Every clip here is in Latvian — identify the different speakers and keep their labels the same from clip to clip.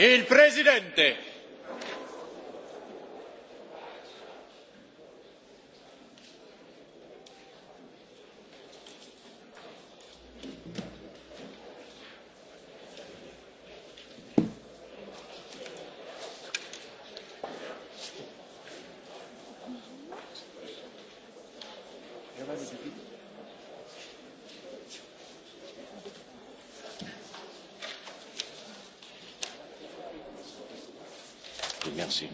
Speaker 1: Il Presidente.
Speaker 2: Grazie. Merci.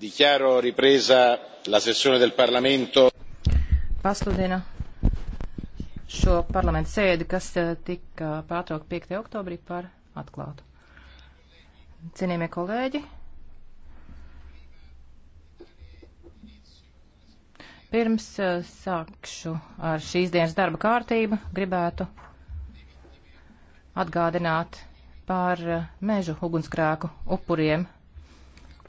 Speaker 3: dichiaro ripresa la sessione del parlamento
Speaker 4: pasludinu šo parlamenta sēdi kas eh, tika pārtraukta 5. oktobrī par atklātu cienījamie kolēģi pirms eh, sākšu ar šīs dienas darba kārtību gribētu atgādināt par eh, mežu ugunsgrēku upuriem